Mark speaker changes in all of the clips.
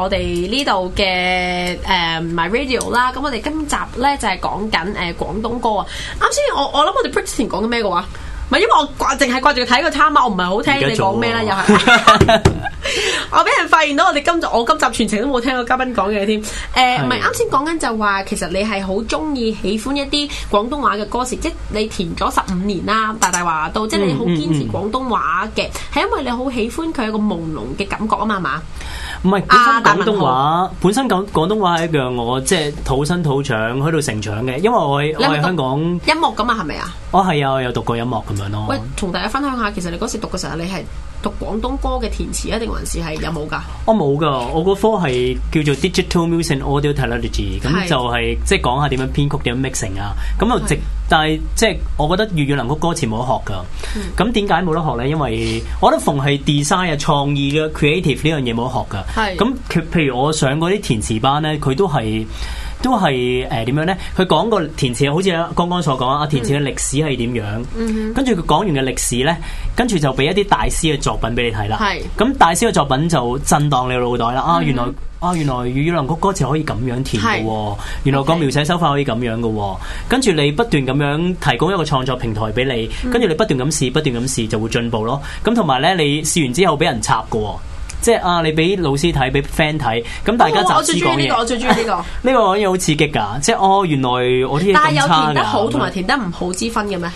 Speaker 1: 我哋呢度嘅誒 My Radio 啦，咁、嗯、我哋今集咧就係、是、講緊誒、嗯、廣東歌啊！啱先我我諗我哋之前講緊咩嘅話？唔係因為我掛淨係掛住睇個 time，我唔係好聽你講咩啦，又係、啊、 我俾人發現到我哋今集我今集全程都冇聽過嘉賓講嘢添。誒，唔係啱先講緊就話，其實你係好中意喜歡一啲廣東話嘅歌詞，即你填咗十五年啦，大大話到，即係你好堅持廣東話嘅，係、嗯嗯嗯、因為你好喜歡佢有一個朦朧嘅感覺啊嘛嘛～唔係本身廣、啊、東話，
Speaker 2: 本身廣廣東話係一樣我即係、就是、土生土長喺度成長嘅，因為我係我係香港
Speaker 1: 音樂咁啊，係咪、哦、啊？
Speaker 2: 我係啊，有讀過音樂咁樣咯。喂，
Speaker 1: 我同大家分享下，其實你嗰時讀嘅時候你，你係。讀廣東歌嘅填詞一定還是係有冇噶？
Speaker 2: 我冇噶，我個科係叫做 Digital Music and Audio Technology，咁就係、是、是即係講下點樣編曲、點樣 mixing 啊。咁又直，是但係即係我覺得粵語流行曲歌詞冇得學噶。咁點解冇得學咧？因為我覺得逢係 design 啊、創意嘅 creative 呢樣嘢冇得學噶。係咁是，佢譬如我上嗰啲填詞班咧，佢都係。都係誒點樣咧？佢講個填詞，好似剛剛所講啊，填詞嘅歷史係點樣？Mm hmm. 跟住佢講完嘅歷史呢，跟住就俾一啲大師嘅作品俾你睇啦。咁、mm hmm. 大師嘅作品就震盪你嘅腦袋啦、mm hmm. 啊。啊，原來啊，原來《雨雨林曲》歌詞可以咁樣填嘅，mm hmm. 原來講描寫手法可以咁樣嘅。跟住你不斷咁樣提供一個創作平台俾你，跟住你不斷咁試，不斷咁試就會進步咯。咁同埋呢，你試完之後俾人插嘅。即係啊！你俾老師睇，俾 friend 睇，咁大家、哦、我最中意呢個，我最中意呢個。呢 個可以好刺激噶，即係哦，原來我啲嘢咁差噶。但係有填得好同埋填
Speaker 1: 得唔好之分嘅咩？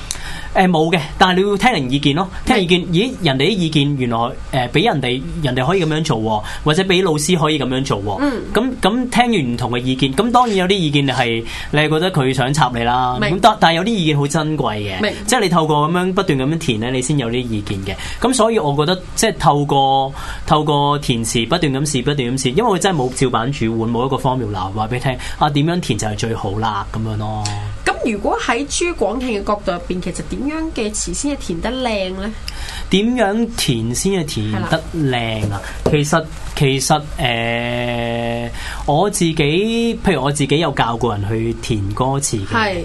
Speaker 2: 誒、嗯、冇、呃、嘅，但係你要聽人意見咯，聽人意見。咦，人哋啲意見原來誒，俾、呃、人哋人哋可以咁樣做，或者俾老師可以咁樣做。嗯。咁咁、嗯、聽完唔同嘅意見，咁當然有啲意見你係你係覺得佢想插你啦。咁白但但係有啲意見好珍貴嘅，白即係你透過咁樣不斷咁樣填咧，你先有啲意見嘅。咁、嗯、所以我覺得即係透過透過。透過透過個填詞不斷咁試，不斷咁試，因為佢真係冇照板煮碗，冇一個 formula 話俾你聽啊，點樣填就係最好啦，咁樣咯。
Speaker 1: 咁如果喺朱廣慶嘅角度入邊，其實點樣嘅詞先係填得靚呢？
Speaker 2: 點樣填先係填得靚啊的？其實其實誒，我自己，譬如我自己有教過人去填歌詞嘅。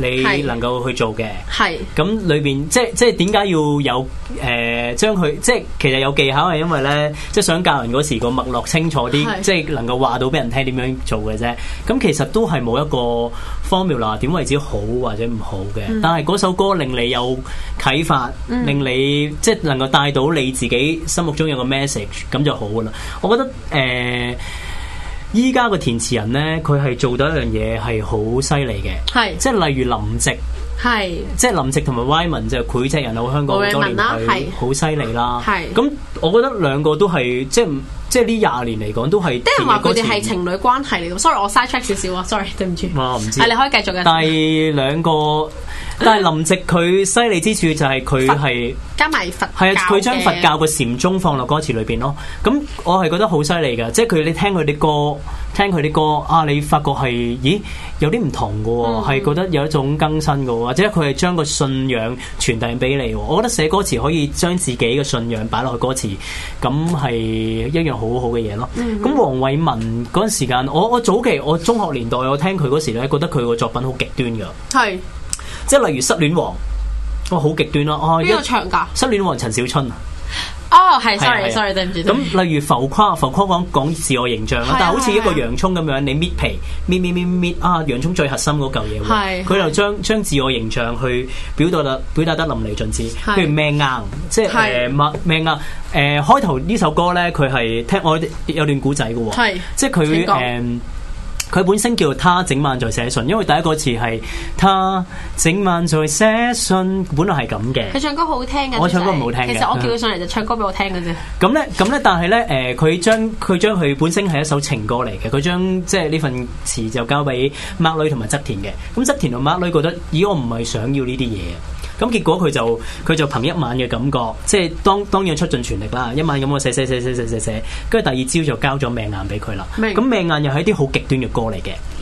Speaker 2: 你能夠去做嘅，咁裏邊即即點解要有誒、呃、將佢即其實有技巧係因為咧，即想教人嗰時個脈絡清楚啲，是即能夠話到俾人聽點樣做嘅啫。咁其實都係冇一個 Formula 點為之好或者唔好嘅。但係嗰首歌令你有啟發，嗯、令你即能夠帶到你自己心目中有個 message，咁就好噶啦。我覺得誒。呃依家個填詞人咧，佢係做到一樣嘢係好犀利嘅，係是即係例如林夕，
Speaker 1: 係
Speaker 2: 是即係林夕同埋 Wyman 就配隻人喺香港好多年，係好犀利啦。係咁，我覺得兩個都係即係即係呢廿年嚟講都係。即係話佢哋係情
Speaker 1: 侶關係嚟，sorry，我 side track 少少啊，sorry，對唔住，
Speaker 2: 唔知，係、啊、你可以繼續嘅。第兩個。但係林夕佢犀利之處就係佢係
Speaker 1: 加埋佛係啊，佢將佛教嘅
Speaker 2: 禪宗放落歌詞裏邊咯。咁我係覺得好犀利嘅，即係佢你聽佢啲歌，聽佢啲歌啊，你發覺係咦有啲唔同嘅喎，係、嗯、覺得有一種更新嘅喎，或者佢係將個信仰傳遞俾你。我覺得寫歌詞可以將自己嘅信仰擺落去歌詞，咁係一樣好好嘅嘢咯。咁黃、嗯、哼偉文嗰陣時間，我我早期我中學年代我聽佢嗰時咧，覺得佢個作品好極端嘅係。即係例如失、啊、失戀王，哇好極端咯！哦，邊個唱㗎？失戀王陳小春啊。
Speaker 1: 哦，係，sorry sorry，對唔住。咁例
Speaker 2: 如浮誇，浮誇講講自我形象啦，的但係好似一個洋葱咁樣，你搣皮搣搣搣搣啊，洋葱最核心嗰嚿嘢。係的。佢就將將自我形象去表達啦，表達得淋漓盡致。譬如的、呃呃、命硬、啊呃呃呃呃，即係誒命硬。誒開頭呢首歌咧，佢係聽我有段古仔嘅喎。
Speaker 1: 係。即係佢誒。
Speaker 2: 佢本身叫做他整晚在寫信，因為第一個詞係他整晚在寫信，本來係咁嘅。佢
Speaker 1: 唱歌好聽嘅，我唱歌唔好聽嘅。就是、其實我叫佢上嚟就唱歌俾我聽嘅啫。
Speaker 2: 咁咧、嗯，咁咧，但係咧，誒、呃，佢將佢將佢本身係一首情歌嚟嘅，佢將即係呢份詞就交俾麥女同埋側田嘅。咁側田同麥女覺得，咦、呃，我唔係想要呢啲嘢。咁結果佢就佢就憑一晚嘅感覺，即係當當然出盡全力啦，一晚咁我寫寫寫寫寫寫寫，跟住第二朝就交咗命硬俾佢啦。咁明白。命硬又係一啲好極端嘅歌嚟嘅。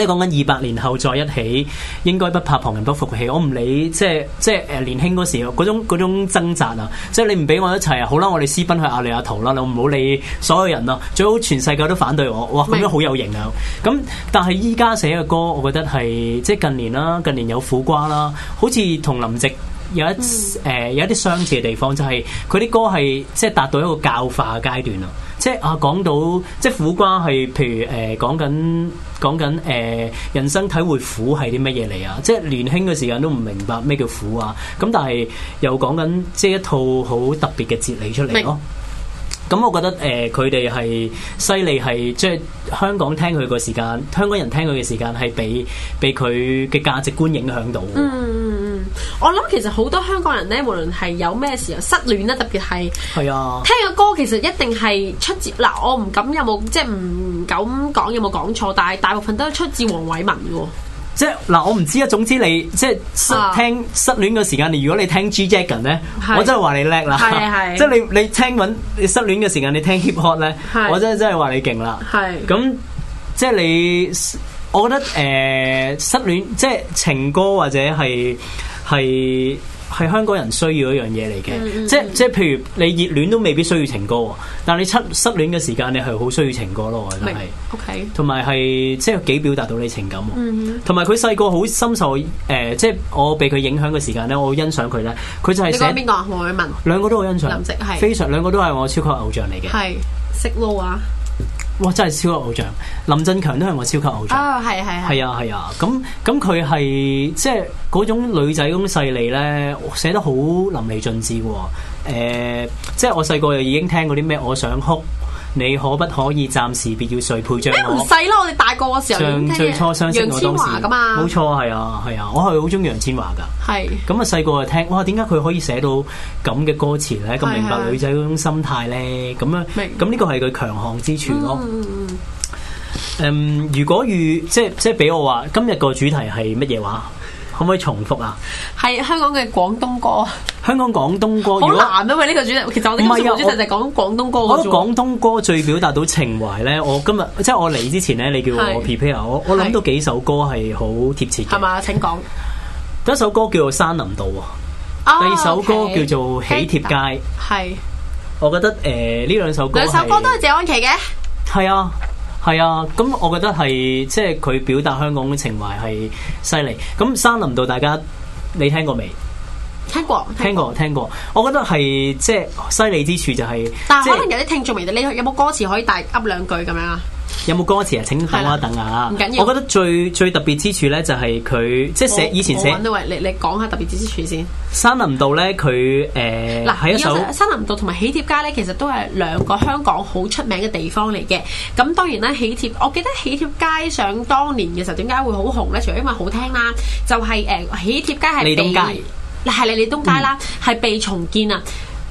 Speaker 2: 即係講緊二百年後再一起，應該不怕旁人不服氣。我唔理，即係即係誒，年輕嗰時嗰種嗰種掙扎啊！即係你唔俾我一齊啊，好啦，我哋私奔去亞利亞圖啦！我唔好理所有人啦，最好全世界都反對我。哇，咁樣好有型啊！咁但係依家寫嘅歌，我覺得係即係近年啦，近年有苦瓜啦，好似同林夕有一誒、嗯呃、有一啲相似嘅地方，就係佢啲歌係即係達到一個教化嘅階段啦。即係啊，講到即係苦瓜係，譬如誒、呃、講緊講緊誒人生體會苦係啲乜嘢嚟啊！即係年輕嘅時間都唔明白咩叫苦啊，咁但係又講緊即係一套好特別嘅哲理出嚟咯。哦。咁我覺得誒，佢哋係犀利，係即係香港聽佢個時間，香港人聽佢嘅時間係畀畀佢嘅價值觀影響到。嗯嗯
Speaker 1: 嗯，我諗其實好多香港人咧，無論係有咩時候失戀啦，特別係
Speaker 2: 係是啊，聽
Speaker 1: 嘅歌其實一定係出自嗱、呃，我唔敢有冇即係唔敢講有冇講錯，但係大部分都係出自黃偉文嘅、哦。
Speaker 2: 即係嗱，我唔知啊。總之你即係失、啊、聽失戀嘅時間，你如果你聽 G Dragon 咧，en, 是的 我真係話你叻啦。係係。即係你你聽緊你失戀嘅時間，你聽 hip hop 咧，op, 是的 我真係真係話你勁啦。係。咁即係你，我覺得誒、呃、失戀即係情歌或者係係。係香港人需要一樣嘢嚟嘅，即係即係譬如你熱戀都未必需要情歌，但係你出失戀嘅時間你係好需要情歌咯，白我覺
Speaker 1: 得係。同
Speaker 2: 埋係即係幾表達到你情感，同埋佢細個好深受誒、呃，即係我畀佢影響嘅時間咧，我好欣賞佢咧。佢就係寫邊
Speaker 1: 個？黃偉文兩個都好欣賞，林夕係非常，
Speaker 2: 兩個都係我超級偶像嚟嘅。係識路啊！哇！真係超級偶像，林振強都係我超級偶
Speaker 1: 像、哦、係係係啊！係啊係啊，係啊
Speaker 2: 咁咁佢係即係嗰種女仔咁勢利咧，寫得好淋漓盡致喎、呃。即係我細個又已經聽過啲咩，我想哭。你可不可以暫時別要碎配張？唔使
Speaker 1: 啦？我哋大個嘅時候，最初相識我當時，楊千嬅嘅嘛，冇錯，
Speaker 2: 係啊，係啊，我係好鍾意楊千嬅噶。係咁啊，細個就聽，哇！點解佢可以寫到咁嘅歌詞咧？咁、啊、明白女仔嗰種心態咧？咁啊，咁呢那白個係佢強項之處咯。嗯，um, 如果與即係即係俾我話，今日個主題係乜嘢話？可唔可以重複啊？
Speaker 1: 係香港嘅廣東歌。
Speaker 2: 香港廣東歌如果難、啊，
Speaker 1: 因為呢個主題其實我啲唔係啊，我講廣東歌。我覺得廣
Speaker 2: 東歌最表達到情懷咧，我今日即係我嚟之前咧，你叫我 P P 是我我諗到幾首歌係好貼切嘅。係嘛？請講。第一首歌叫做《山林道》
Speaker 1: ，oh, 第二首歌叫
Speaker 2: 做《喜帖街》。係、oh, okay.。我覺得誒呢、呃、兩首歌兩首歌都係謝安琪嘅，係啊。係啊，咁我覺得係即係佢表達香港嘅情懷係犀利。咁《山林道》，大家你聽過未？聽過，聽過，聽過。我覺得係即係犀利之處就係、
Speaker 1: 是，但係可能有啲聽眾未，就是、你有冇歌詞可以大噏兩句咁樣啊？
Speaker 2: 有冇歌詞啊？請等我一等啊！我覺得最最特別之處咧，就係佢即係寫以前寫。到
Speaker 1: 位，你你講下特別之處先。
Speaker 2: 山林道咧，佢誒嗱，係一首山
Speaker 1: 林道同埋喜帖街咧，其實都係兩個香港好出名嘅地方嚟嘅。咁當然啦，喜帖我記得喜帖街想當年嘅時候，點解會好紅咧？除咗因為好聽啦，就係誒喜帖街係利東街，係利、利東街啦，係、嗯、被重建啊。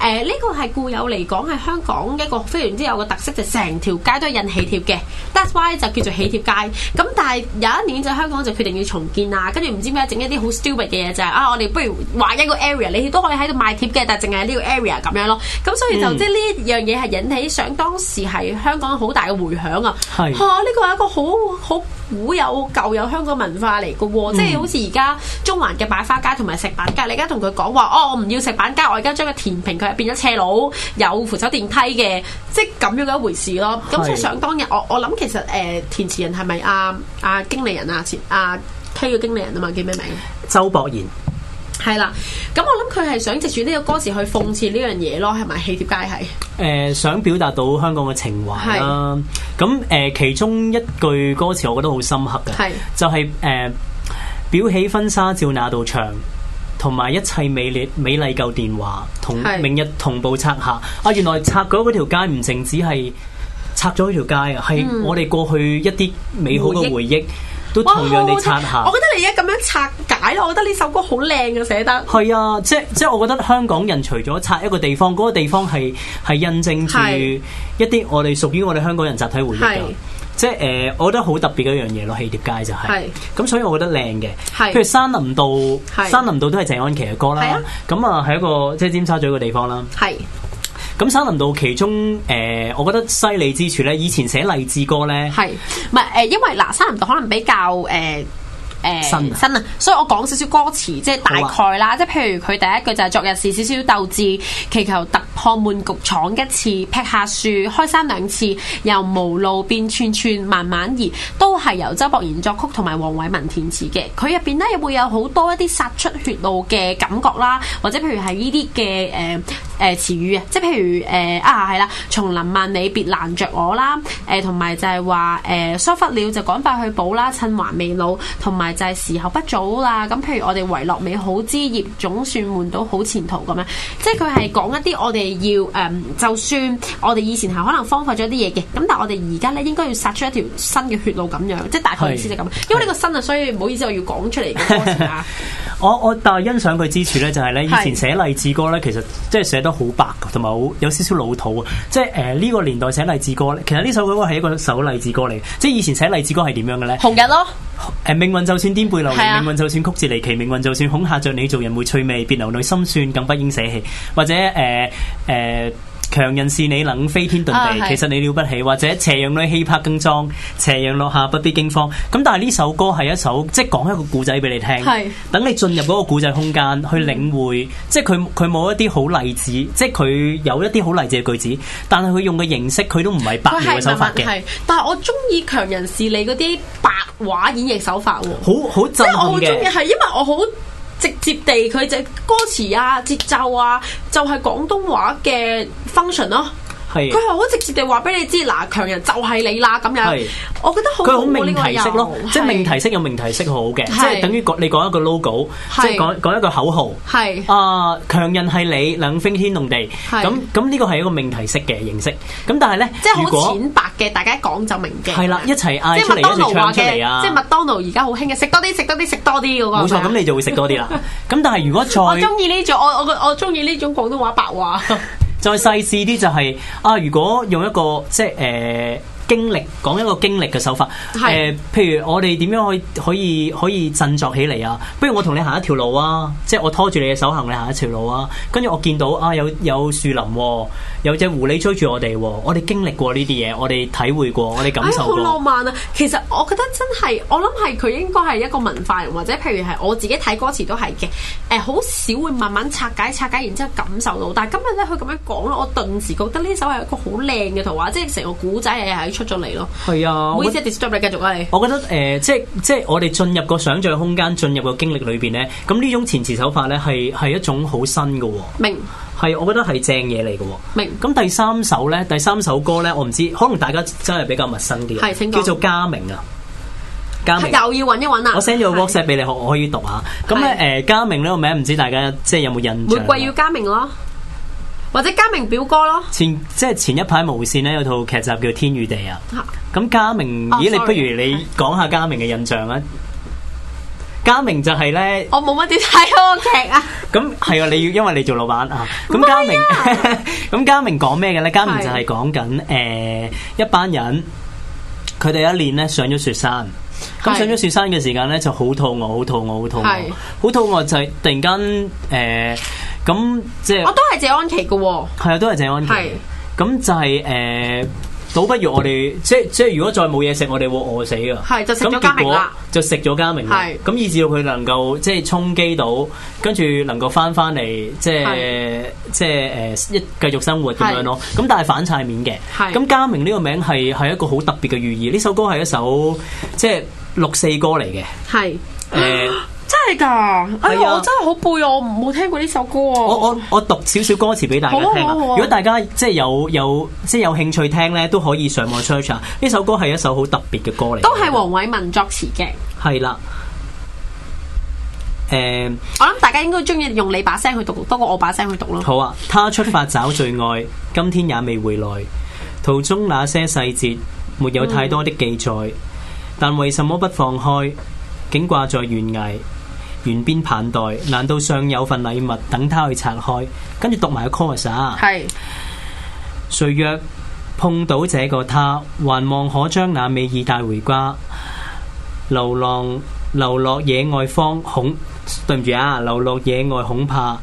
Speaker 1: 誒呢、呃這個係固有嚟講，係香港一個非常之有個特色，就成、是、條街都係印喜帖嘅。 That's why 就叫做喜帖街。咁但係有一年就香港就決定要重建啊，跟住唔知點解，整一啲好 stupid 嘅嘢就係、是、啊，我哋不如劃一個 area，你都可以喺度賣帖嘅，但係淨係呢個 area 咁樣咯。咁所以就即係呢樣嘢係引起想當時係香港好大嘅回響、mm. 啊。嚇！呢個係一個好好。古有舊有香港文化嚟嘅喎，即係好似而家中環嘅擺花街同埋石板街，你而家同佢講話，哦，我唔要石板街，我而家將佢填平，佢變咗斜路，有扶手電梯嘅，即係咁樣嘅一回事咯。咁是、嗯、想當日，我我諗其實誒填詞人係咪阿阿經理人啊？阿、啊、K 嘅經理人啊嘛，叫咩名？
Speaker 2: 周博賢。
Speaker 1: 係啦，咁我諗佢係想藉住呢個歌詞去諷刺呢樣嘢咯，係咪？喜帖街係
Speaker 2: 誒、呃，想表達到香港嘅情懷啦。咁誒是的、呃，其中一句歌詞我覺得好深刻嘅，係是的 就係、是、誒，裱、呃、起婚紗照那道牆，同埋一切美麗美麗舊電話同是的 明日同步拆下。啊，原來拆咗嗰條街唔淨止係拆咗嗰條街啊，係、嗯、我哋過去一啲美好嘅回憶。嗯都同樣地拆下我，我覺得
Speaker 1: 你而家咁樣拆解咯，我覺得呢首歌好靚啊，寫得。
Speaker 2: 係啊，即即我覺得香港人除咗拆一個地方，嗰、那個地方係係印證住一啲我哋屬於我哋香港人集體回憶。係是，即誒、呃，我覺得好特別嘅一樣嘢咯，係碟街就係、是。係是。咁所以我覺得靚嘅。係是。譬如山林道，是山林道都係謝安琪嘅歌啦。係啊。咁啊，係一個即係尖沙咀嘅地方啦。係。咁山林道其中誒、呃，我覺得犀利之處咧，以前寫勵志歌咧，
Speaker 1: 係唔係誒？因為嗱、呃，山林道可能比較誒誒、呃呃新，啊、新啊，所以我講少少歌詞，即係、啊、大概啦。即係譬如佢第一句就係、是、昨日是少少鬥志，祈求突破悶局，闖一次劈下樹，開山兩次，由無路變串串，慢慢移，都係由周博賢作曲同埋黃偉文填詞嘅。佢入邊咧，亦會有好多一啲殺出血路嘅感覺啦，或者譬如係呢啲嘅誒。呃呃呃呃呃呃誒詞語啊，即係譬如誒啊，係啦，叢林萬里別攔着我啦，誒同埋就係話誒疏忽了就趕快去補啦，趁還未老，同埋就係時候不早啦。咁譬如我哋遺落美好之業，總算換到好前途咁樣。即係佢係講一啲我哋要誒，就算我哋以前係可能荒廢咗啲嘢嘅，咁但係我哋而家咧應該要殺出一條新嘅血路咁樣。即係大概意思就係咁。因為呢個新啊，所以唔好意思我要講出嚟。
Speaker 2: 我我但係欣賞佢之處咧，就係咧以前寫勵志歌咧，其實即係寫得。好白同埋好有少少老土啊！即係誒呢個年代寫勵志歌，其實呢首歌係一個首勵志歌嚟。即係以前寫勵志歌係點樣嘅咧？紅日咯，誒、呃、命運就算顛沛流離，啊、命運就算曲折離奇，命運就算恐嚇着你做人沒趣味，別流淚心酸，更不應捨棄。或者誒誒。呃呃強人是你，能飛天遁地，oh, 其實你了不起。是或者斜陽裏氣魄更壯，斜陽落下不必驚慌。咁但係呢首歌係一首，即係講一個故仔俾你聽。等是你進入嗰個故仔空間去領會，即係佢佢冇一啲好例子，即係佢有一啲好勵志嘅句子，但係佢用嘅形式佢都唔係白描嘅手法嘅。
Speaker 1: 但係我中意強人是你嗰啲白話演繹手法喎，好好震撼嘅係因為我好。直接地，佢就歌詞啊、節奏啊，就係、是、廣東話嘅 function 咯、啊。佢係好直接地話俾你知，嗱，強人就係你啦咁樣。我覺得好佢好命題式咯，
Speaker 2: 即係命題式有命題式好嘅，即係等於講你講一個 logo，即係講講一個口號。
Speaker 1: 係啊，
Speaker 2: 強人係你，能飛天動地。咁咁呢個係一個命題式嘅形式。
Speaker 1: 咁但係咧，即係好淺白嘅，大家一講就明嘅。係啦，
Speaker 2: 一齊嗌出嚟就唱出嚟啊！即係麥
Speaker 1: 當勞而家好興嘅，食多啲，食多啲，食多啲嗰個。冇錯，咁你就會食多啲啦。
Speaker 2: 咁但係如果菜，我中
Speaker 1: 意呢種，我我我中意呢種廣東話白話。
Speaker 2: 再細緻啲就係、是、啊，如果用一個即係誒、呃經歷講一個經歷嘅手法，誒、呃，譬如我哋點樣可以可以可以振作起嚟啊？不如我同你行一條路啊！即係我拖住你嘅手行，你行一條路啊！跟住我見到啊，有有樹林、哦，有隻狐狸追住我哋、哦，我哋經歷過呢啲嘢，我哋體會過，我哋感受過好、哎、浪
Speaker 1: 漫啊！其實我覺得真係，我諗係佢應該係一個文化人，或者譬如係我自己睇歌詞都係嘅。誒、呃，好少會慢慢拆解、拆解，然之後感受到。但係今日咧，佢咁樣講，我頓時覺得呢首係一個好靚嘅圖畫，即係成個古仔係喺
Speaker 2: 出咗
Speaker 1: 嚟咯，係啊！唔好意思，
Speaker 2: 我即係 describe 你繼續啊，你。我覺得誒、呃，即係即係我哋進入個想像空間，進入個經歷裏邊咧，咁呢種前詞手法咧，係係一種好新嘅。明白。係，我覺得係正嘢嚟嘅。明白。咁第三首咧，第三首歌咧，我唔知，可能大家真係比較陌生啲。係，叫做嘉明啊。嘉明又
Speaker 1: 要揾一揾啊！我
Speaker 2: send 咗 WhatsApp 俾是你，可我可以讀下。咁咧誒，嘉明呢個名，唔知大家即係有冇印象？玫瑰
Speaker 1: 要嘉明咯。或者家明表哥咯，
Speaker 2: 前即係前一排無線咧有套劇集叫《天與地》
Speaker 1: 啊，
Speaker 2: 咁家明，啊、咦你不如你講下家明嘅印象啊？家明就係、是、
Speaker 1: 咧，我冇乜點睇嗰個劇啊。
Speaker 2: 咁係啊，你要因為你做老闆 啊，咁家、啊、明，咁家明講咩嘅咧？家明就係講緊誒一班人，佢哋一年咧上咗雪山，咁的上咗雪山嘅時間咧就好肚餓，好肚餓，好肚餓，好肚餓就係突然間誒。呃咁、嗯、即係我、
Speaker 1: 哦、都係謝安琪噶
Speaker 2: 喎、哦，係啊、嗯，都係謝安琪。咁就係誒，倒不如我哋即係即係，如果再冇嘢食，我哋會餓死噶。係就咁結果就食咗家明。係咁是，以至到佢能夠即係充飢到，跟住能夠翻翻嚟，即係即係誒，一繼是、嗯、續生活咁樣咯。咁但係反差面嘅。係咁是，家、嗯、明呢個名係係一個好特別嘅寓意。呢首歌係一首即係六四歌嚟
Speaker 1: 嘅。係誒是。 真係噶！哎呀，是啊、我真係好背，我冇聽過呢首歌啊我！我我
Speaker 2: 我讀少少歌詞俾大家聽好啊好啊，如果大家即係有有即係有興趣聽呢，都可以上網 search 呢首歌。係一首好特別嘅歌嚟。都
Speaker 1: 係黃偉文作詞嘅。
Speaker 2: 係啦了，嗯、
Speaker 1: 我諗大家應該中意用你把聲去讀，多過我把聲去讀咯。
Speaker 2: 好啊，他出發找最愛， 今天也未回來。途中那些細節沒有太多的記載，但為什麼不放開，竟掛在懸崖。沿邊盤袋，難道尚有份禮物等他去拆開？跟住讀埋個 chorus 沙，係。誰若碰到這個他，還望可將那美意帶回家。流浪、流落野外方，方恐對唔住啊！流落野外恐怕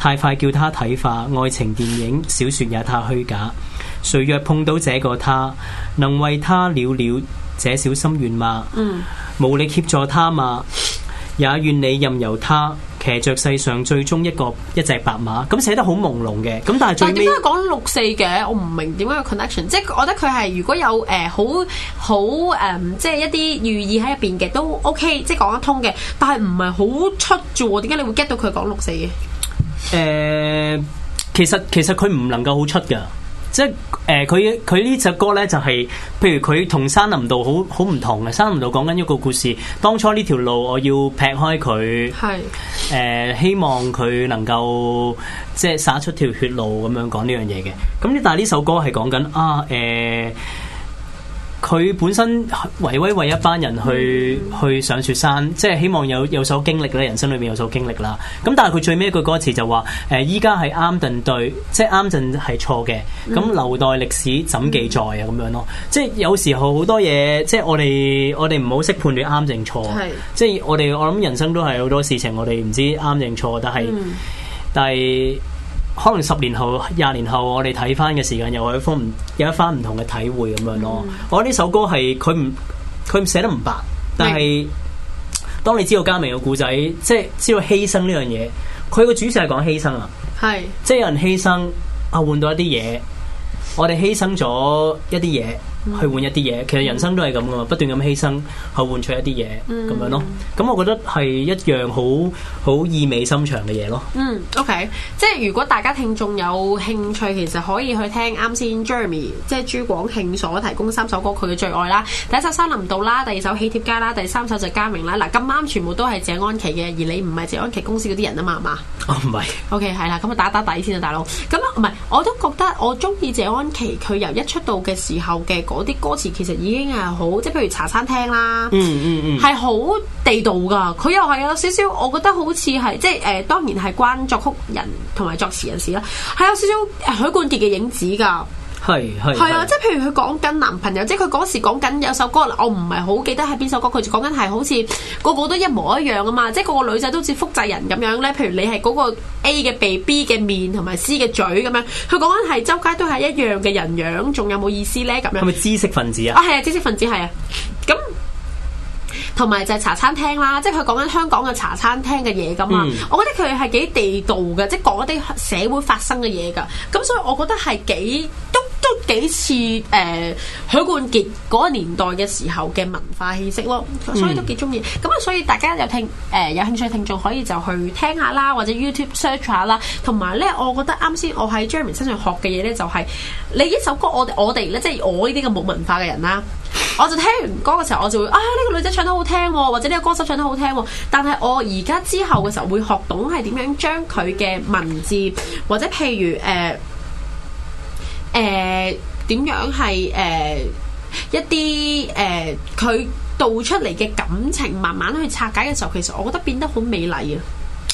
Speaker 2: 太快叫他睇化，愛情電影小說也太虛假。誰若碰到這個他，能為他了了這小心願嗎？嗯，無力協助他嘛。也願你任由他騎着世上最終一個一隻白馬，咁寫得好朦朧嘅。咁但係最尾，但係點解
Speaker 1: 講六四嘅？我唔明點解嘅 connection 即係我覺得佢係如果有誒、呃、好好誒、呃，即係一啲寓意喺入邊嘅都 OK，即係講得通嘅。但係唔係好出住？點解你會 get 到佢講六四
Speaker 2: 嘅？誒、呃，其實其實佢唔能夠好出㗎。即係誒，佢、呃、佢呢隻歌咧就係、是，譬如佢同山林道好好唔同嘅，山林道講緊一個故事，當初呢條路我要劈開佢，誒是、呃、希望佢能夠即係灑出條血路咁樣講呢樣嘢嘅。咁但係呢首歌係講緊啊誒。呃佢本身維威為一班人去、嗯、去上雪山，即係希望有有所經歷咧，人生裏面有所經歷啦。咁但係佢最尾一句歌詞就話：誒，依家係啱定對，即係啱定係錯嘅。咁留待歷史怎記載啊？咁樣咯，即係有時候好多嘢，即係我哋我哋唔好識判斷啱定錯。即係我哋我諗人生都係好多事情，我哋唔知啱定錯，但係、嗯、但係。可能十年後、廿年後，我哋睇翻嘅時間又有一番有一番唔同嘅體會咁樣咯。嗯、我覺得呢首歌係佢唔佢寫得唔白，但係是當你知道嘉明嘅故仔，即係知道犧牲呢樣嘢，佢個主線係講犧牲，是牲啊，係即係有人犧牲啊，換到一啲嘢，我哋犧牲咗一啲嘢。去換一啲嘢，其實人生都係咁噶嘛，嗯、不斷咁犧牲去換取一啲嘢咁樣咯。咁我覺得係一樣好好意味深長嘅嘢咯，嗯。
Speaker 1: 嗯，OK，即係如果大家聽眾有興趣，其實可以去聽啱先 Jeremy，即係朱廣慶所提供三首歌佢嘅最愛啦。第一首《山林道》啦，第二首《喜帖街》啦，第三首就是《家明》啦。嗱，咁啱全部都係謝安琪嘅，而你唔係謝安琪公司嗰啲人啊嘛？係嘛？哦，唔係。OK，係啦，咁啊打打底先啊，大佬。咁唔係，我都覺得我中意謝安琪，佢由一出道嘅時候嘅。嗰啲歌詞其實已經係好，即係譬如茶餐廳啦，
Speaker 2: 係
Speaker 1: 好、嗯嗯嗯、地道噶。佢又係有少少，我覺得好似係即係誒、呃，當然係關作曲人同埋作詞人士啦，係有少少許冠傑嘅影子噶。係係，係啊！即係譬如佢講緊男朋友，即係佢嗰時講緊有首歌，我唔係好記得係邊首歌，佢就講緊係好似個個都一模一樣啊嘛！即係個個女仔都似複製人咁樣咧。譬如你係嗰個 A 嘅鼻、B 嘅面同埋 C 嘅嘴咁樣，佢講緊係周街都係一樣嘅人樣，仲有冇意思咧？咁樣係咪知
Speaker 2: 識分子啊？啊係
Speaker 1: 啊，知識分子係啊，咁。同埋就係茶餐廳啦，即係佢講緊香港嘅茶餐廳嘅嘢噶嘛，嗯、我覺得佢係幾地道嘅，即係講一啲社會發生嘅嘢噶。咁所以我覺得係幾都都幾似誒許冠傑嗰個年代嘅時候嘅文化氣息咯，所以都幾中意。咁啊、嗯，所以大家有聽誒、呃、有興趣嘅聽眾可以就去聽下啦，或者 YouTube search 下啦。同埋咧，我覺得啱先我喺 Jeremy 身上學嘅嘢咧，就係、是、你一首歌，我我哋咧即係我呢啲咁冇文化嘅人啦。我就聽完歌嘅時候，我就會啊呢、哎這個女仔唱得好聽、哦，或者呢個歌手唱得好聽、哦。但係我而家之後嘅時候，會學懂係點樣將佢嘅文字，或者譬如誒誒點樣係誒、呃、一啲誒佢道出嚟嘅感情，慢慢去拆解嘅時候，其實我覺得變得好美麗啊！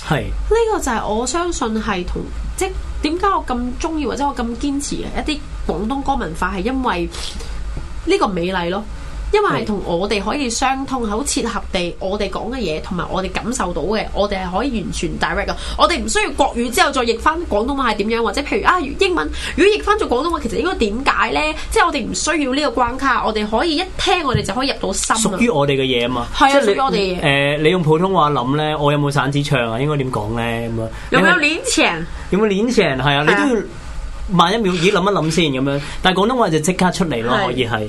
Speaker 1: 係呢是個就係我相信係同即係點解我咁中意或者我咁堅持嘅一啲廣東歌文化，係因為，呢個美麗咯，因為係同我哋可以相通，好切合地我，我哋講嘅嘢同埋我哋感受到嘅，我哋係可以完全 direct 嘅，我哋唔需要國語之後再譯翻廣東話係點樣，或者譬如啊，英文如果譯翻做廣東話，其實應該點解咧？即係我哋唔需要呢個關卡，我哋可以一聽，我哋就可以入到心。屬於
Speaker 2: 我哋嘅嘢啊嘛，係啊，屬於我哋嘅嘢。誒，你用普通話諗咧，我有冇嗓子唱啊？應該點講咧咁啊？有冇
Speaker 1: 練唱？
Speaker 2: 有冇練唱？係啊，你都要。慢一秒，咦諗一諗先咁樣，但係廣東話就即刻出嚟咯，可以係。是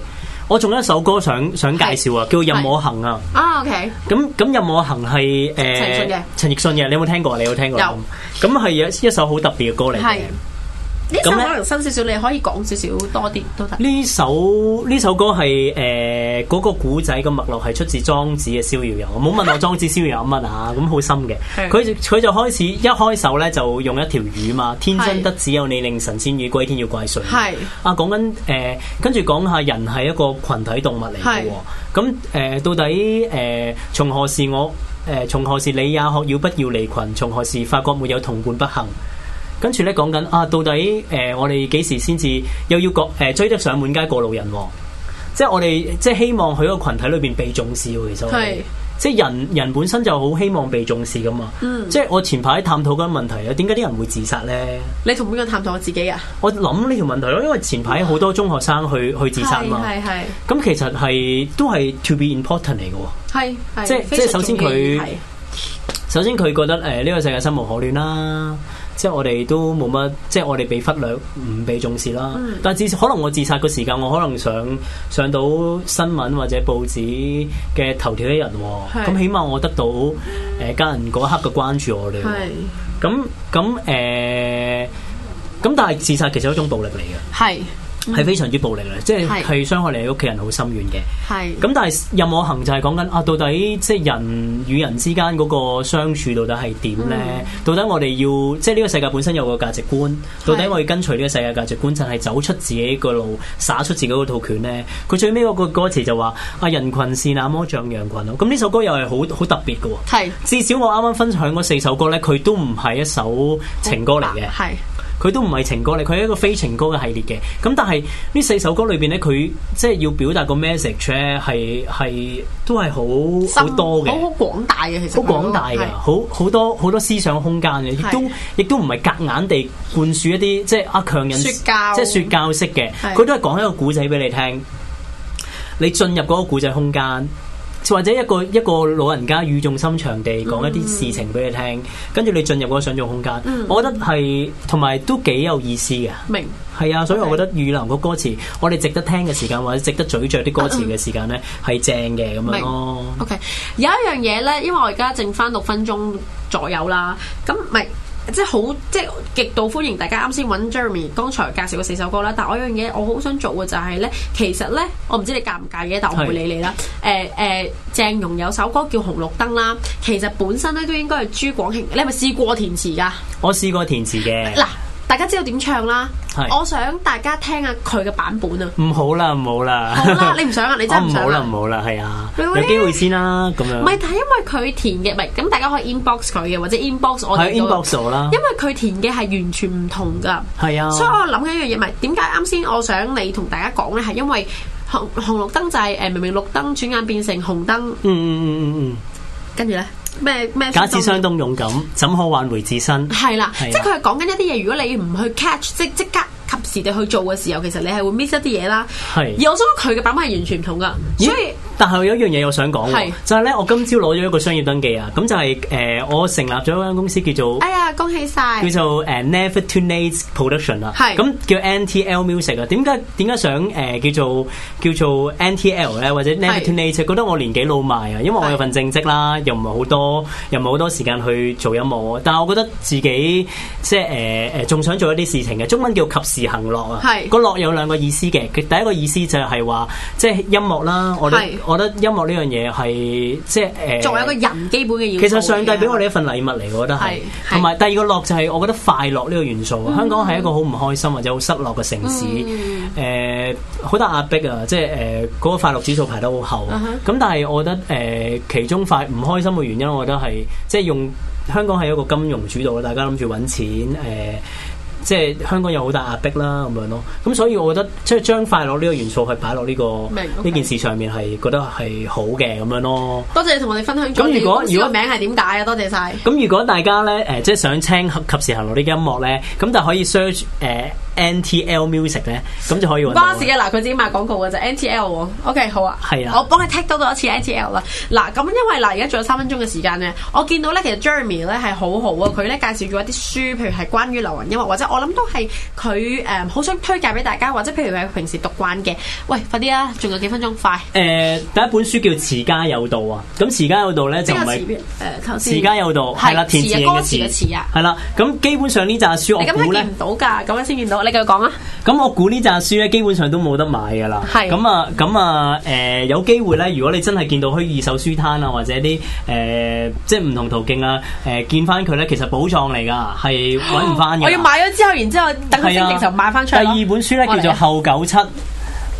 Speaker 2: 我仲有一首歌想想介紹啊，是叫《任我行》啊。
Speaker 1: 啊、oh，OK。
Speaker 2: 咁咁《任我行》係誒、呃、陳奕迅嘅。陳奕迅嘅，你有冇聽過？你有聽過？有。咁係一一首好特別嘅歌嚟嘅。咁可能
Speaker 1: 深少少，你可以講少少多啲，都得。
Speaker 2: 呢首呢首歌係誒嗰個古仔個脈絡係出自莊子嘅逍遙遊，唔好問我莊子逍遙遊乜啊？咁好 深嘅。佢佢是就開始一開首咧就用一條魚嘛，天真得只有是你令神仙魚歸天要怪誰。係是啊，講緊誒，跟、呃、住講下人係一個群體動物嚟嘅。咁誒是到底誒、呃、從何時我誒從何時你也學要不要離群？從何時發覺沒有同伴不幸？跟住咧講緊啊，到底誒、呃、我哋幾時先至又要過、呃、追得上滿街過路人喎？即係我哋即係希望佢個群體裏邊被重視喎、啊。其實
Speaker 1: 係
Speaker 2: 即係人人本身就好希望被重視噶、啊、嘛。嗯、即係我前排探討緊問題啊，點解啲人會自殺咧？你
Speaker 1: 同邊個探討我自己啊？
Speaker 2: 我諗呢條問題咯，因為前排好多中學生去去自殺嘛。係係。咁其實係都係 to be important 嚟嘅喎。
Speaker 1: 即係即係，首先佢
Speaker 2: 首先佢覺得誒呢個世界生無可戀啦、啊。即係我哋都冇乜，即係我哋被忽略、唔被重視啦。但係至少可能我自殺個時間，我可能上上到新聞或者報紙嘅頭條一日喎。咁是、嗯、起碼我得到誒、呃、家人嗰一刻嘅關注我哋。咁咁誒，咁、呃、但係自殺其實係一種暴力嚟嘅。
Speaker 1: 係。係非常
Speaker 2: 之暴力嘅，即係係傷害你屋企人好深遠嘅。係咁是，但係任我行就係講緊啊，到底即係人與人之間嗰個相處到底係點咧？嗯、到底我哋要即係呢個世界本身有個價值觀？是到底我要跟隨呢個世界價值觀，還、就是走出自己個路，灑出自己個套拳咧？佢最尾嗰個歌詞就話：啊，人群是那麼像羊群咯、啊。咁呢首歌又係好好特別嘅、哦。係是至少我啱啱分享嗰四首歌咧，佢都唔係一首情歌嚟嘅。係、嗯。嗯佢都唔係情歌嚟，佢係一個非情歌嘅系列嘅。咁但係呢四首歌裏邊咧，佢即係要表達個 message 咧，係係都係好好多嘅，好好
Speaker 1: 廣大嘅，其實好廣大嘅，
Speaker 2: 好好多好的多思想空間嘅的，亦都亦都唔係夾硬地灌輸一啲即係阿強人，即係説教式嘅，佢的的都係講一個故仔俾你聽，你進入嗰個故仔空間。或者一個一個老人家語重心長地講一啲事情俾你聽，跟住、嗯、你進入嗰個想象空間，嗯、我覺得係同埋都幾有意思嘅。明係白啊，所以我覺得雨林個歌詞，我哋值得聽嘅時間或者值得咀嚼啲歌詞嘅時間呢，係、呃、正嘅咁樣咯。白哦 okay.
Speaker 1: 有一樣嘢呢，因為我而家剩返六分鐘左右啦，咁明。即係好，即係極度歡迎大家啱先揾 Jeremy，剛才介紹過四首歌啦。但係我有樣嘢，我好想做嘅就係、是、咧，其實咧，我唔知你介唔介意，但係我唔會理你啦。誒誒是、呃呃，鄭融有首歌叫《紅綠燈》啦，其實本身咧都應該係朱廣慶，你係咪試過填詞㗎？
Speaker 2: 我試過填詞嘅。
Speaker 1: 大家知道點唱啦，是我想大家聽下佢嘅版本啊。唔
Speaker 2: 好啦，唔好啦。好啦吧， 你唔
Speaker 1: 想啊，你真係唔想
Speaker 2: 啦、啊。我唔好啦，冇啦，係啊，有機會先啦、啊，咁樣。唔係，
Speaker 1: 但係因為佢填嘅咪咁，大家可以 inbox 佢嘅，或者 inbox 我哋嘅。喺、啊、inbox 咗啦。因為佢填嘅係完全唔同㗎。係啊。所以我諗緊一樣嘢，咪點解啱先我想你同大家講咧，係因為紅紅綠燈就係誒明明綠燈，轉眼變成紅燈。嗯嗯嗯嗯。跟住咧。假使相
Speaker 2: 當勇敢，怎可挽回自身？係啦的，的即係佢係
Speaker 1: 講緊一啲嘢，如果你唔去 catch，即即刻。及時地去做嘅時候，其實你係會 miss 一啲嘢啦。係是，而我想佢嘅版本係完全唔同噶，所以。
Speaker 2: 但係有一樣嘢我想講，是就係咧，我今朝攞咗一個商業登記啊，咁是就係、是、誒、呃、我成立咗一間公司叫做，哎
Speaker 1: 呀，恭喜晒、呃是呃，叫做
Speaker 2: 誒 Never Too Late Production 啊。係。咁叫 NTL Music 啊？點解點解想誒叫做叫做 NTL 咧？或者 Never Too Late 就覺得我年紀老邁啊？因為我有份正職啦，又唔係好多，又唔係好多時間去做音樂，但係我覺得自己即係誒誒仲想做一啲事情嘅，中文叫及自行樂啊，個是樂有兩個意思嘅。第一個意思就係話，即、就、係、是、音樂啦。我是我覺得音樂呢樣嘢係即係誒。就是呃、作為一個
Speaker 1: 人基本嘅，意思。其實上
Speaker 2: 帝俾我哋一份禮物嚟，我覺得係。同埋是第二個樂就係我覺得快樂呢個元素啊。香港係一個好唔開心或者好失落嘅城市。誒是，好多、嗯呃、壓迫啊！即係誒，嗰、呃那個快樂指數排得好後。咁、嗯、但係我覺得誒、呃，其中快唔開心嘅原因，我覺得係即係用香港係一個金融主導，大家諗住揾錢、呃呃即係香港有好大壓迫啦，咁樣咯。咁所以我覺得即係將快樂呢個元素去擺落呢個呢、okay. 件事上面係覺得係好嘅咁樣咯。
Speaker 1: 多謝你同我哋分享。咁如果如果個名係點解啊？多謝晒！
Speaker 2: 咁如果大家咧誒、呃，即係想聽及時行樂啲音樂咧，咁就可以 search 誒、呃。NTL music 咧，咁就可以揾到。關事嘅，嗱，佢
Speaker 1: 自己賣廣告嘅啫。NTL，OK，OK，好啊，係啊，我幫你 tick 多咗一次 NTL 啦。嗱，咁因為嗱，而家仲有三分鐘嘅時間咧，我見到咧，其實 Jeremy 咧係好好啊，佢咧介紹咗一啲書，譬如係關於流行音樂，或者我諗都係佢誒好想推介俾大家，或者譬如平時讀慣嘅。喂，快啲啊，仲有幾分鐘，快。誒、呃，
Speaker 2: 第一本書叫《持家有道》啊，咁《持家有道》咧就唔係
Speaker 1: 誒，持、呃、家有道係是啦，填詞嘅詞啊，係
Speaker 2: 啦，咁基本上呢紮書，嗯、我猜 你咁
Speaker 1: 樣見唔到㗎，咁樣先見到。
Speaker 2: 繼續講啊！咁我估呢紮書咧，基本上都冇得買噶啦。係咁啊，咁啊，誒、呃，有機會咧，如果你真係見到去二手書攤啊，或者啲誒、呃，即係唔同途徑啊，誒、呃，見翻佢咧，其實寶藏嚟噶，係搵唔翻嘅。我要買
Speaker 1: 咗之後，然之後等佢值時候賣
Speaker 2: 翻出、啊。第二本書咧叫做《後九七》，誒、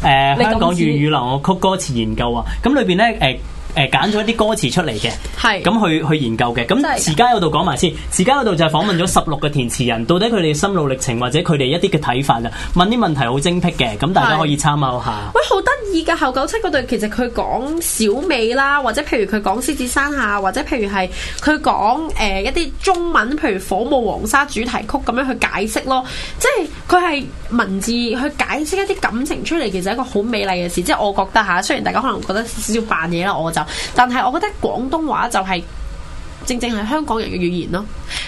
Speaker 2: 呃，香港粵語流行曲歌詞研究啊，咁裏邊咧誒。呃誒，揀咗一啲歌詞出嚟嘅，咁去是去研究嘅。咁詞家有道講埋先，詞家有道就係訪問咗十六個填詞人，是到底佢哋心路歷程或者佢哋一啲嘅睇法啊，問啲問題好精辟嘅，咁大家可以參考下。
Speaker 1: 喂，好得意噶！後九七嗰度，其實佢講小美啦，或者譬如佢講獅子山下，或者譬如係佢講誒一啲中文，譬如《火舞黃沙》主題曲咁樣去解釋咯，即係佢係文字去解釋一啲感情出嚟，其實係一個好美麗嘅事。即係我覺得吓，雖然大家可能覺得少少扮嘢啦，我就但係，我覺得廣東話就係、是。正正係香港人嘅語言咯，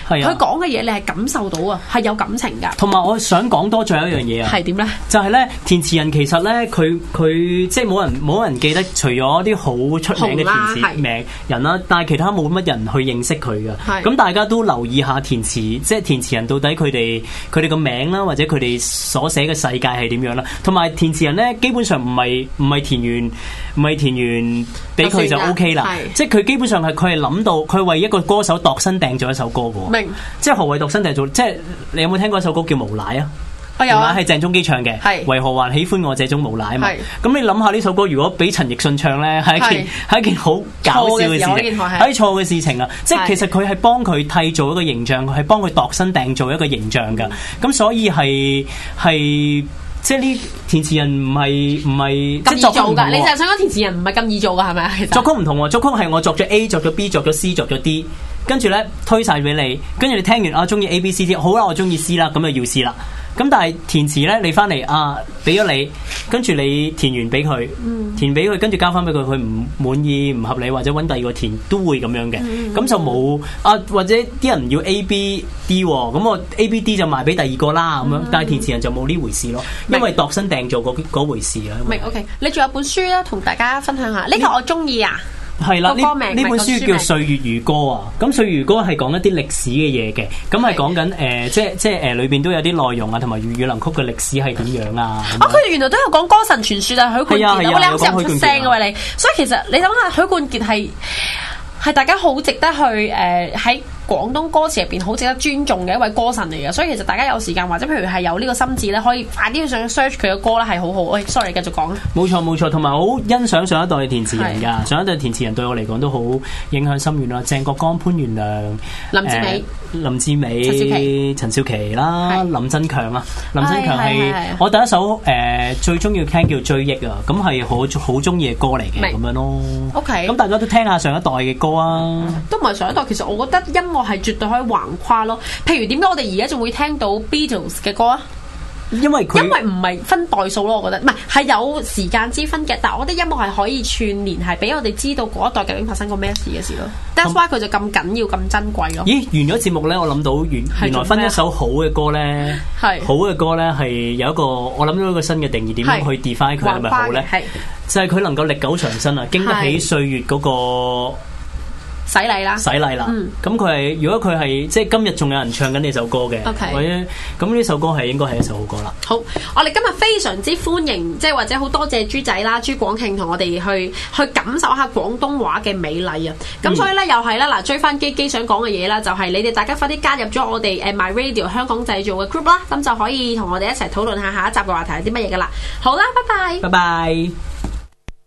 Speaker 1: 係啊！佢講嘅嘢你係感受到啊，係有感情㗎。同
Speaker 2: 埋我想講多最後一樣嘢啊，係點咧？就係咧，填詞人其實咧，佢佢即係冇人冇人記得，除咗啲好出名嘅填詞名人啦，但係其他冇乜人去認識佢嘅。咁是大家都留意下填詞，即係填詞人到底佢哋佢哋個名啦，或者佢哋所寫嘅世界係點樣啦。同埋填詞人咧，基本上唔係唔係填完唔係填完俾佢就 O K 啦。即係佢基本上係佢係諗到，佢唯一,一。個歌手度身訂做一首歌噶，白即係何謂度身訂做？即係你有冇聽過一首歌叫《無賴》哦、
Speaker 1: 啊？《無賴》
Speaker 2: 係鄭中基唱嘅，係是為何還喜歡我是想想這種無賴啊？嘛，咁你諗下呢首歌如果俾陳奕迅唱咧，係一件係是一件好搞笑嘅事情，係錯嘅事情啦。是即係其實佢係幫佢締造一個形象，係幫佢度身訂做一個形象噶。咁所以係係。即係呢，填詞人唔係唔係咁易做噶，哦、你就係
Speaker 1: 想講填詞人唔係咁易做噶係咪啊？作
Speaker 2: 曲唔同喎，作曲係我作咗 A 作咗 B 作咗 C 作咗 D，跟住咧推晒俾你，跟住你聽完啊中意 A B C D，好啦我中意 C 啦，咁就要試啦。咁但係填詞咧，你翻嚟啊，俾咗你，跟住你填完俾佢，填俾佢，跟住交翻俾佢，佢唔滿意唔合理，或者揾第二個填都會咁樣嘅，咁、嗯、就冇啊，或者啲人唔要 A B D，咁我 A B D 就賣俾第二個啦咁樣，嗯、但係填詞人就冇呢回事咯，因為度身訂造嗰回事啊。明
Speaker 1: OK，你仲有本書咧，同大家分享下，呢你個我中意啊。係啦，呢呢本書叫《歲
Speaker 2: 月如歌》啊，咁《歲月如歌》係講一啲歷史嘅嘢嘅，咁係講緊誒，即係即係誒、呃，裏邊都有啲內容啊，同埋粵語流行曲嘅歷史係點樣啊？的的哦，佢
Speaker 1: 原來都有講歌神傳說許許啊，許冠傑，我哋成日出聲嘅喂你，所以其實你諗下許冠傑係係大家好值得去誒喺。呃廣東歌詞入邊好值得尊重嘅一位歌神嚟嘅，所以其實大家有時間或者譬如係有呢個心智咧，可以快啲去上去 search 佢嘅歌咧，係好好。我 sorry，繼續講啊。
Speaker 2: 冇錯冇錯，同埋好欣賞上一代嘅填詞人㗎，上一代填詞人對我嚟講都好影響深遠啦。鄭國江、潘源良、林志美、林志美、陳少琪、陳少琪啦，林振強啊，林振強係我第一首誒最中意聽叫《追憶》啊，咁係好好中意嘅歌嚟嘅咁樣咯。OK，咁大家都聽下上一代嘅歌啊，
Speaker 1: 都唔係上一代。其實我覺得音樂，係絕對可以橫跨咯，譬如點解我哋而家仲會聽到 Beatles 嘅歌啊？因為因為唔係分代數咯，我覺得唔係係有時間之分嘅，但係我覺得音樂係可以串連，係俾我哋知道嗰一代究竟發生過咩事嘅事咯。That's why 佢就咁緊要咁珍貴咯。咦？
Speaker 2: 完咗節目咧，我諗到原原來分一首好嘅歌咧，係好嘅歌咧，係有一個我諗到一個新嘅定義，點樣去 define 佢係咪好咧？係就係佢能夠歷久長新啊，經得起歲月嗰個。洗禮啦，洗禮啦。嗯，咁佢係，如果佢係，即係今日仲有人唱緊呢首歌嘅，OK。咁呢首歌係應該係一首好歌啦。
Speaker 1: 好，我哋今日非常之歡迎，即係或者好多謝朱仔啦、朱廣慶同我哋去去感受下廣東話嘅美麗啊。咁所以呢、嗯、又係啦，嗱，追翻基基想講嘅嘢啦，就係、是、你哋大家快啲加入咗我哋 My Radio 香港製造嘅 group 啦，咁就可以同我哋一齊討論下下一集嘅話題係啲乜嘢噶啦。好啦，拜拜，拜拜。